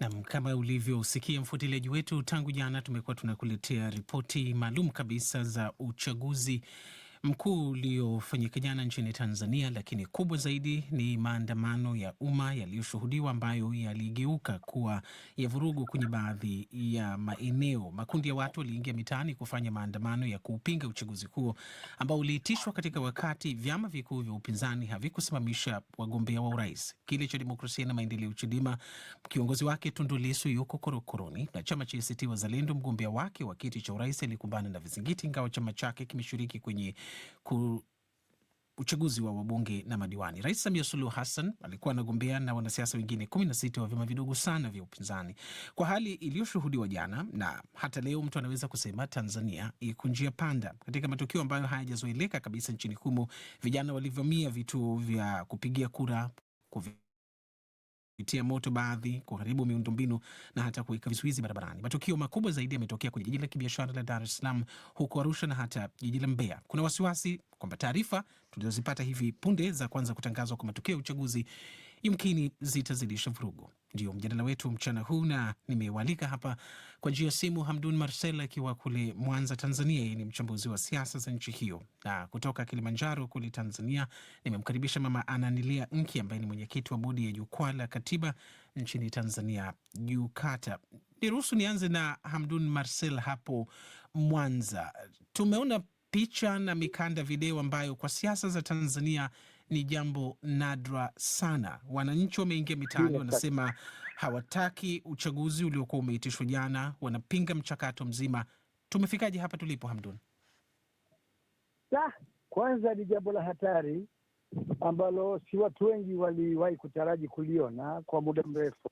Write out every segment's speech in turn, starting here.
Nam, kama ulivyosikia mfuatiliaji wetu, tangu jana tumekuwa tunakuletea ripoti maalum kabisa za uchaguzi mkuu uliofanyika jana nchini Tanzania, lakini kubwa zaidi ni maandamano ya umma yaliyoshuhudiwa ambayo yaligeuka kuwa ya vurugu kwenye baadhi ya maeneo. Makundi ya watu waliingia mitaani kufanya maandamano ya kuupinga uchaguzi huo ambao uliitishwa katika wakati vyama vikuu vya upinzani havikusimamisha wagombea wa urais. Kile cha Demokrasia na Maendeleo, Chadema, kiongozi wake Tundu Lissu yuko korokoroni, na chama cha ACT Wazalendo, mgombea wake wa kiti cha urais alikumbana na vizingiti, ingawa chama chake kimeshiriki kwenye ku uchaguzi wa wabunge na madiwani. Rais Samia Suluhu Hassan alikuwa anagombea na wanasiasa wengine 16 wa vyama vidogo sana vya upinzani, kwa hali iliyoshuhudiwa jana na hata leo. Mtu anaweza kusema Tanzania iko njia panda, katika matukio ambayo hayajazoeleka kabisa nchini humo. Vijana walivamia vituo vya kupigia kura kuvi kupitia moto baadhi, kuharibu miundombinu na hata kuweka vizuizi barabarani. Matukio makubwa zaidi yametokea kwenye jiji la kibiashara la Dar es Salaam, huko Arusha na hata jiji la Mbeya. Kuna wasiwasi kwamba taarifa tulizozipata hivi punde za kwanza kutangazwa kwa matokeo ya uchaguzi yumkini zitazidisha vurugu ndio mjadala wetu mchana huu, na nimewaalika hapa kwa njia ya simu Hamdun Marcel akiwa kule Mwanza, Tanzania. Yeye ni mchambuzi wa siasa za nchi hiyo, na kutoka Kilimanjaro kule Tanzania nimemkaribisha Mama Ananilia Nki ambaye ni mwenyekiti wa bodi ya jukwaa la katiba nchini Tanzania, JUKATA. Niruhusu nianze na Hamdun Marcel hapo Mwanza. Tumeona picha na mikanda video ambayo kwa siasa za Tanzania ni jambo nadra sana. Wananchi wameingia mitaani, wanasema hawataki uchaguzi uliokuwa umeitishwa jana, wanapinga mchakato mzima. Tumefikaje hapa tulipo, Hamdun? La, kwanza ni jambo la hatari ambalo si watu wengi waliwahi kutaraji kuliona kwa muda mrefu.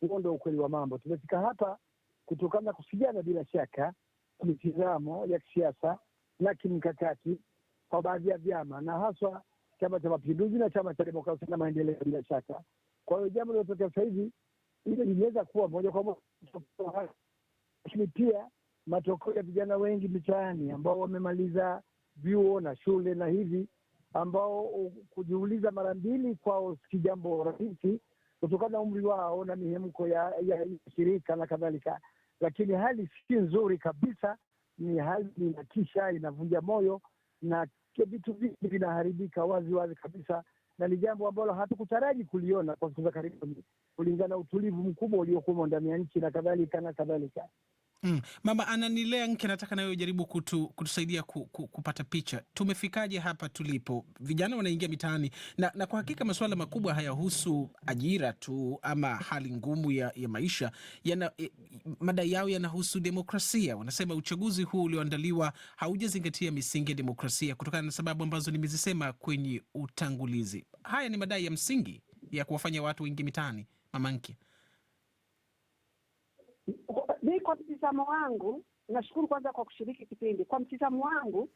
Huo ndo ukweli wa mambo. Tumefika hapa kutokana na kusijana bila shaka, mitizamo ya kisiasa na kimkakati kwa baadhi ya vyama na haswa Chama cha Mapinduzi na Chama cha Demokrasia na Maendeleo, bila shaka. Kwa hiyo jambo lilotokea sasa hivi hilo liliweza kuwa moja kwa moja, lakini pia matokeo ya vijana wengi mitaani ambao wamemaliza vyuo na shule na hivi, ambao kujiuliza mara mbili kwao si jambo rahisi kutokana na umri wao na mihemko ya, ya shirika na kadhalika, lakini hali si nzuri kabisa. Ni hali inatisha, inavunja moyo na tunasikia vitu vingi vinaharibika wazi wazi kabisa, na ni jambo ambalo hatukutaraji kuliona kwa siku za karibuni, kulingana na utulivu mkubwa uliokuwemo ndani ya nchi na kadhalika na kadhalika. Mm. Mama ananilea nke, nataka nawe ujaribu kutu, kutusaidia ku, ku, kupata picha tumefikaje hapa tulipo. Vijana wanaingia mitaani na, na kwa hakika masuala makubwa hayahusu ajira tu ama hali ngumu ya, ya maisha yana, e, mada yao yanahusu demokrasia. Wanasema uchaguzi huu ulioandaliwa haujazingatia misingi ya demokrasia kutokana na sababu ambazo nimezisema kwenye utangulizi. Haya ni madai ya msingi ya kuwafanya watu waingie mitaani, mama Nkia mtizamo wangu, nashukuru kwanza kwa kushiriki kipindi. Kwa mtizamo wangu,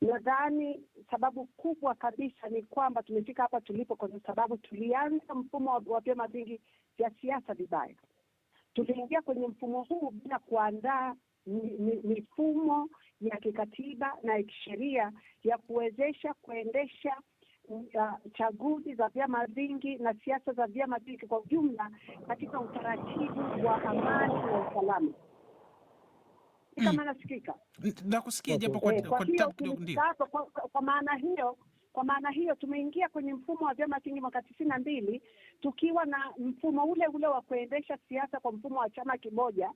nadhani sababu kubwa kabisa ni kwamba tumefika hapa tulipo kwa sababu tulianza mfumo wa vyama vingi vya siasa vibaya. Tuliingia kwenye mfumo huu bila kuandaa mifumo ya kikatiba na ya kisheria ya kuwezesha kuendesha uh, chaguzi za vyama vingi na siasa za vyama vingi kwa ujumla katika utaratibu wa amani na usalama. Mm. ni kama nasikika japo kwa eh, kwa kwa kwa maana hiyo kwa maana hiyo tumeingia kwenye mfumo wa vyama vingi mwaka tisini na mbili tukiwa na mfumo ule ule wa kuendesha siasa kwa mfumo wa chama kimoja.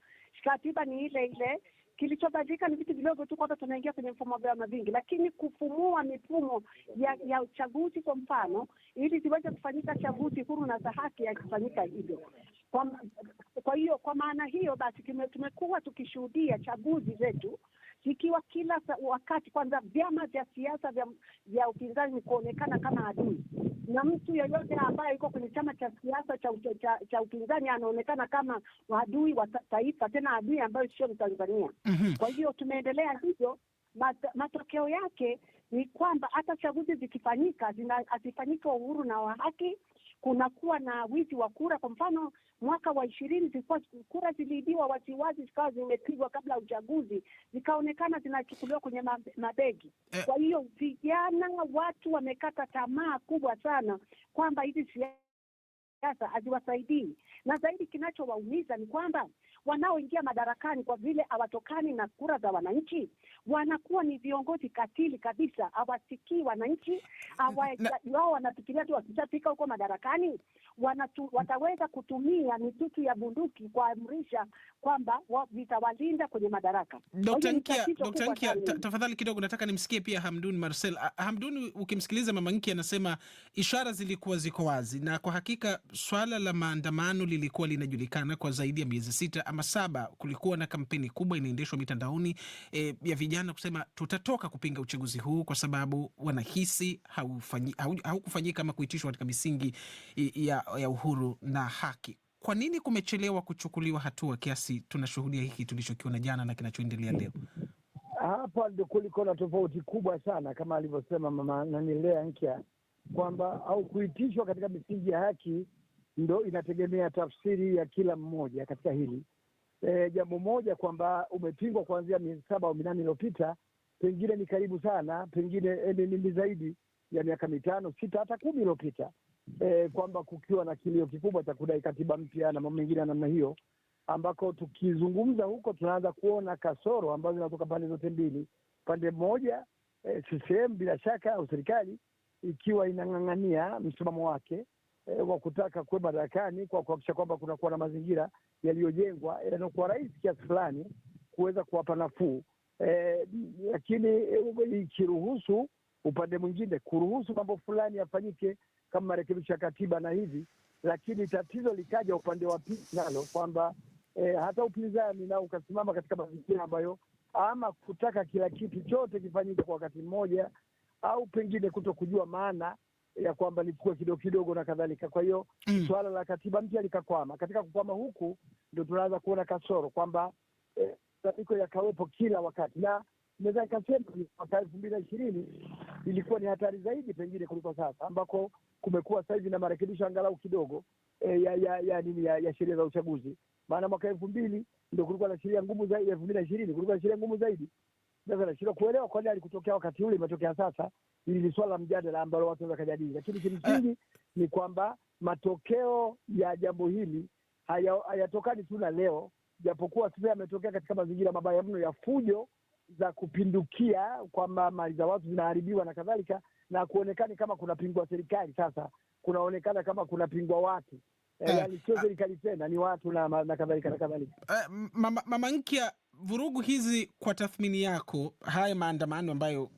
Katiba ni ile ile, kilichobadilika ni vitu vidogo tu kwamba tunaingia kwenye mfumo wa vyama vingi, lakini kufumua mifumo ya ya uchaguzi kwa mfano, ili ziweze kufanyika chaguzi huru na za haki, yakifanyika hivyo kwa, kwa hiyo kwa maana hiyo basi tumekuwa tukishuhudia chaguzi zetu zikiwa kila wakati, kwanza vyama vya siasa vya, vya upinzani kuonekana kama adui, na mtu yeyote ambaye yuko kwenye chama cha siasa cha, cha, cha upinzani anaonekana kama adui wa taifa, tena adui ambayo sio Mtanzania. mm -hmm. Kwa hiyo tumeendelea hivyo, matokeo yake ni kwamba hata chaguzi zikifanyika hazifanyiki wa uhuru na wa haki kunakuwa na wizi wa kura. Kwa mfano mwaka wa ishirini zilikuwa kura ziliibiwa waziwazi, zikawa zimepigwa kabla ya uchaguzi, zikaonekana zinachukuliwa kwenye mabegi. Eh. Kwa hiyo vijana, watu wamekata tamaa kubwa sana kwamba hizi siasa haziwasaidii, na zaidi kinachowaumiza ni kwamba wanaoingia madarakani kwa vile hawatokani na kura za wananchi, wanakuwa ni viongozi katili kabisa, hawasikii wananchi. Wao wanafikiria tu wakishafika huko madarakani wanatu, wataweza kutumia mitutu ya bunduki kuamrisha kwamba vitawalinda kwenye madaraka. Nkia, Nkia, tafadhali kidogo, nataka nimsikie pia Hamdun Marcel. Hamdun, ukimsikiliza Mama Nkia anasema ishara zilikuwa ziko wazi, na kwa hakika swala la maandamano lilikuwa linajulikana kwa zaidi ya miezi sita kama saba kulikuwa na kampeni kubwa inaendeshwa mitandaoni e, ya vijana kusema tutatoka kupinga uchaguzi huu kwa sababu wanahisi haukufanyika ama kuitishwa katika misingi ya, ya uhuru na haki. Kwa nini kumechelewa kuchukuliwa hatua kiasi tunashuhudia hiki tulichokiona jana na kinachoendelea leo? Hapa ndo kuliko na tofauti kubwa sana, kama alivyosema mama nanilea nkya kwamba au kuitishwa katika misingi ya haki ndo inategemea tafsiri ya kila mmoja katika hili e, jambo moja kwamba umepingwa kuanzia miezi saba au minane iliyopita, pengine ni karibu sana, pengine e, ni zaidi ya miaka mitano sita hata kumi iliyopita, e, kwamba kukiwa na kilio kikubwa cha kudai katiba mpya na mambo mengine ya namna hiyo, ambako tukizungumza huko tunaanza kuona kasoro ambazo zinatoka pande zote mbili, pande moja CCM e, bila shaka au serikali ikiwa inang'ang'ania msimamo wake eh, wa kutaka kuwe madarakani kwa kuhakikisha kwamba kunakuwa na mazingira yaliyojengwa yanayokuwa eh, rahisi kiasi fulani kuweza kuwapa nafuu eh, lakini eh, ikiruhusu upande mwingine kuruhusu mambo fulani yafanyike kama marekebisho ya katiba na hivi, lakini tatizo likaja upande wa pili nalo kwamba eh, hata upinzani nao ukasimama katika mazingira ambayo ama kutaka kila kitu chote kifanyike kwa wakati mmoja au pengine kuto kujua maana ya kwamba lichukue kidogo kidogo na kadhalika. Kwa hiyo mm. suala la katiba mpya likakwama. Katika kukwama huku ndo tunaanza kuona kasoro kwamba mabadiliko eh, yakawepo kila wakati, na naweza nikasema mwaka elfu mbili na ishirini ilikuwa ni hatari zaidi pengine kuliko sasa ambako kumekuwa sahizi na marekebisho angalau kidogo eh, ya, ya, ya, nini ya, ya sheria za uchaguzi. Maana mwaka elfu mbili ndo kulikuwa na sheria ngumu zaidi, elfu mbili na ishirini kulikuwa na sheria ngumu zaidi sasa nashindwa kuelewa kwa nini alikutokea wakati ule, imetokea sasa. Hili ni swala la mjadala ambalo watu wanaweza kujadili, lakini kimsingi eh. ni kwamba matokeo ya jambo hili hayatokani haya tu na leo, japokuwa sasa yametokea katika mazingira mabaya mno ya fujo za kupindukia, kwamba mali za watu zinaharibiwa na kadhalika, na kuonekani kama kunapingwa serikali. Sasa kunaonekana kama kunapingwa watu, yaani sio ah. serikali tena, ni watu na kadhalika na kadhalika. Mama Nkia vurugu hizi kwa tathmini yako, haya maandamano ambayo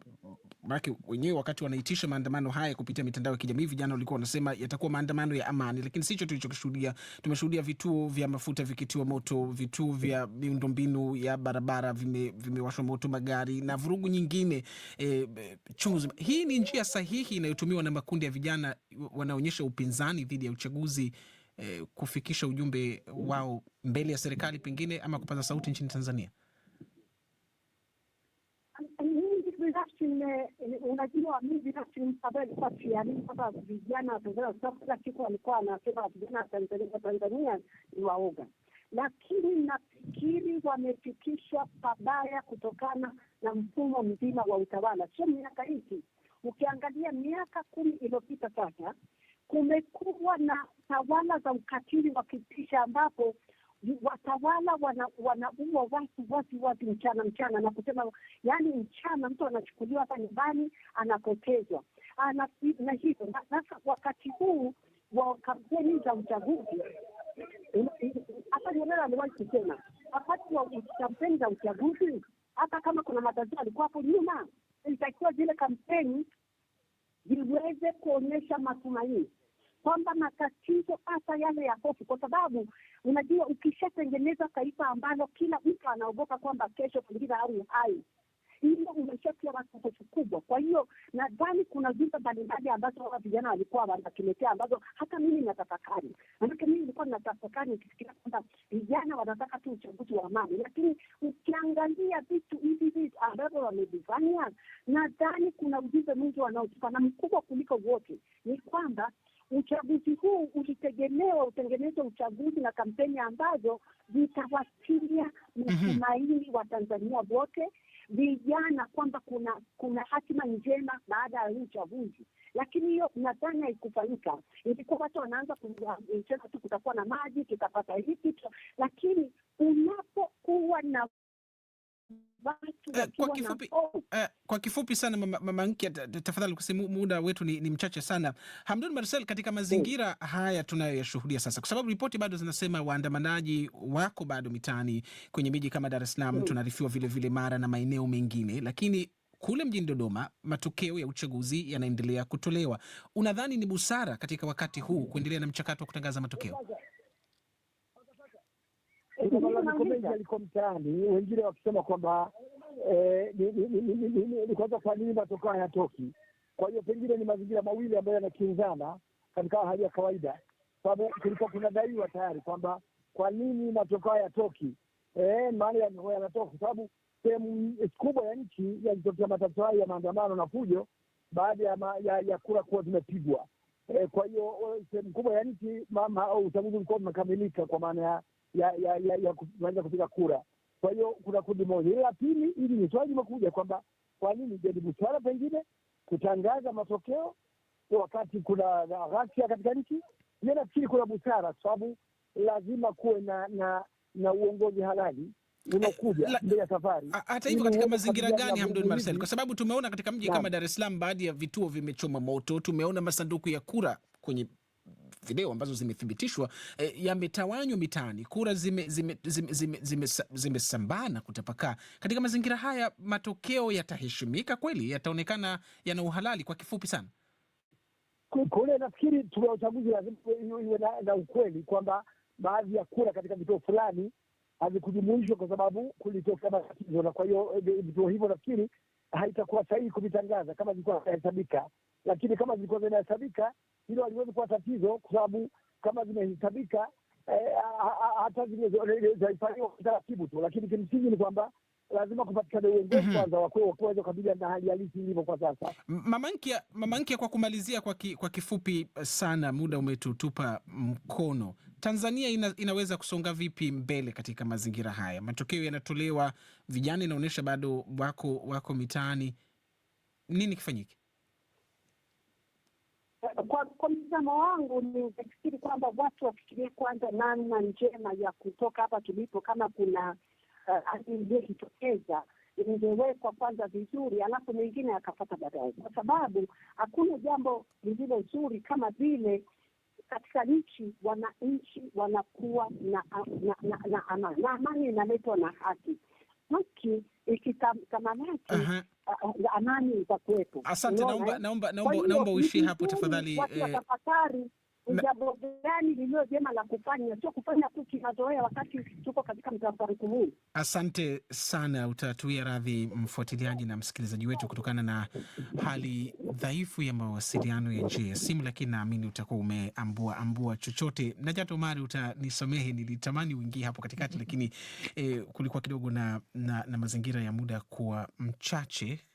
maanake wenyewe wakati wanaitisha maandamano haya kupitia mitandao ya kijamii vijana walikuwa wanasema yatakuwa maandamano ya amani, lakini sicho tulichokishuhudia. Tumeshuhudia vituo vya mafuta vikitiwa moto, vituo vya miundombinu ya barabara vimewashwa vime moto, magari na vurugu nyingine e, chungu. Hii ni njia sahihi inayotumiwa na makundi ya vijana wanaonyesha upinzani dhidi ya uchaguzi eh, kufikisha ujumbe wao mbele ya serikali pengine ama kupaza sauti nchini Tanzania? Binafsi unajua, mi binafsi nimsabaaiamini kwamba vijana wa Tanzania, kwa kila siku walikuwa wanasema vijana wa Tanzania ni waoga, lakini nafikiri wamefikishwa pabaya kutokana na mfumo mzima wa utawala, sio miaka hizi. Ukiangalia miaka kumi iliyopita sasa kumekuwa na tawala za ukatili wa kitisha ambapo watawala wanaua wana watu wazi wazi mchana mchana, na kusema yani, mchana mtu anachukuliwa hata nyumbani anapotezwa ana, ah, na hivyo sasa, wakati huu wa kampeni za uchaguzi, hata Nyerere aliwahi kusema wakati wa kampeni za uchaguzi, hata kama kuna matatizo alikuwa hapo nyuma, ilitakiwa zile kampeni viweze kuonyesha matumaini kwamba matatizo hata yale ya hofu, kwa sababu unajua ukishatengeneza taifa ambalo kila mtu anaogopa kwamba kesho pengine au uhai hilo umeshatia wasiwasi kubwa. Kwa hiyo nadhani kuna jumbe mbalimbali ambazo hawa vijana walikuwa wanatuletea ambazo hata mimi natafakari, manake mimi nilikuwa natafakari nikifikiria kwamba vijana wanataka tu uchaguzi wa amani, lakini ukiangalia vitu hivi hivi ambavyo wamevifanya, nadhani kuna ujumbe mwingi wanaotupa na mkubwa kuliko wote ni kwamba uchaguzi huu ulitegemewa utengeneze uchaguzi na kampeni ambazo zitawasilia mhm. matumaini mm -hmm. wa Tanzania wote vijana kwamba kuna kuna hatima njema baada ya huu uchaguzi, lakini hiyo nadhani haikufanyika. Ilikuwa watu wanaanza kucheza tu, kutakuwa na maji, tutapata hiki, lakini unapokuwa na Eh, kwa, kifupi, eh, kwa kifupi sana mama, mama eh, tafadhali, kwa sababu muda wetu ni, ni mchache sana. Hamdun Marcel, katika mm. mazingira mm, haya tunayoyashuhudia sasa, kwa sababu ripoti bado zinasema waandamanaji wako bado mitaani kwenye miji kama Dar es Salaam mm, tunaarifiwa vilevile Mara na maeneo mengine, lakini kule mjini Dodoma matokeo ya uchaguzi yanaendelea kutolewa. Unadhani ni busara katika wakati huu mm. kuendelea na mchakato wa kutangaza matokeo? malalamiko mengi yaliko mtaani, wengine wakisema kwamba eh, ni kwanza, kwa nini matokeo hayatoki? Kwa hiyo pengine ni mazingira mawili ambayo yanakinzana katika hali ya kawaida, sababu kulikuwa daiwa tayari kwamba kwa nini matokeo hayatoki, eh, maana yanatoka kwa sababu sehemu kubwa ya nchi yalitokea matatizo hayo ya maandamano na fujo baada ya, ya, ya kura kuwa zimepigwa. E, kwa hiyo sehemu kubwa ya nchi uchaguzi ulikuwa umekamilika kwa maana ya ya ya, ya, ya kumaliza kupiga kura. Kwa hiyo kuna kundi moja, hili la pili, hili ni swali limekuja kwamba kwa nini jadi busara pengine kutangaza matokeo wakati kuna ghasia katika nchi. Mi nafikiri kuna busara, kwa sababu lazima kuwe na na na uongozi halali eh, safari. Hata hivyo katika mazingira gani, Hamdun Marcel? Kwa sababu tumeona katika mji kama Dar es Salaam baadhi ya vituo vimechoma moto, tumeona masanduku ya kura kwenye video ambazo zimethibitishwa e, yametawanywa mitaani, kura zimesambana zime, zime, zime, zime, zime, zime kutapakaa. Katika mazingira haya, matokeo yataheshimika kweli? Yataonekana yana uhalali? Kwa kifupi sana, kule nafikiri tume ya uchaguzi lazima iwe na ukweli kwamba baadhi ya kura katika vituo fulani hazikujumuishwa kwa sababu kulitokea matatizo, na kwa hiyo e, e, vituo hivyo nafikiri haitakuwa sahihi kuvitangaza kama zilikuwa zinahesabika, lakini kama zilikuwa zinahesabika hilo haliwezi kuwa tatizo, kwa sababu kama zimehesabika eh, hata zimehifadhiwa taratibu tu, lakini kimsingi ni kwamba lazima kupatikane uongozi mhm. kwanza wakuweza kukabiliana na hali halisi ilivyo kwa sasa. Mama kwa kumalizia kwa, ki, kwa kifupi sana, muda umetutupa mkono. Tanzania ina, inaweza kusonga vipi mbele katika mazingira haya? Matokeo yanatolewa, vijana inaonyesha bado wako wako mitaani, nini kifanyike? Kwa, kwa mtazamo wangu nifikiri kwamba watu wafikirie kwanza namna njema ya kutoka hapa tulipo. Kama kuna eh, hali uh, iliyojitokeza ingewekwa kwanza vizuri, alafu mengine akapata baadaye, kwa sababu hakuna jambo lililo zuri kama vile katika nchi wananchi wanakuwa na amani na, na, na, na, na, na, inaletwa na haki haki ikitamanati Amani itakuwepo. Asante, naomba eh? naomba naomba uishie hapo tafadhali. Eh, watafakari jambo gani lililo jema la kufanya, sio kufanya tu kimazoea wakati tuko katika mtafaruku huu. Asante sana, utatuia radhi mfuatiliaji na msikilizaji wetu kutokana na hali dhaifu ya mawasiliano ya njia ya simu, lakini naamini utakuwa umeambua ambua chochote. Najat Omari, utanisamehe, nilitamani uingie hapo katikati, lakini eh, kulikuwa kidogo na, na, na mazingira ya muda kuwa mchache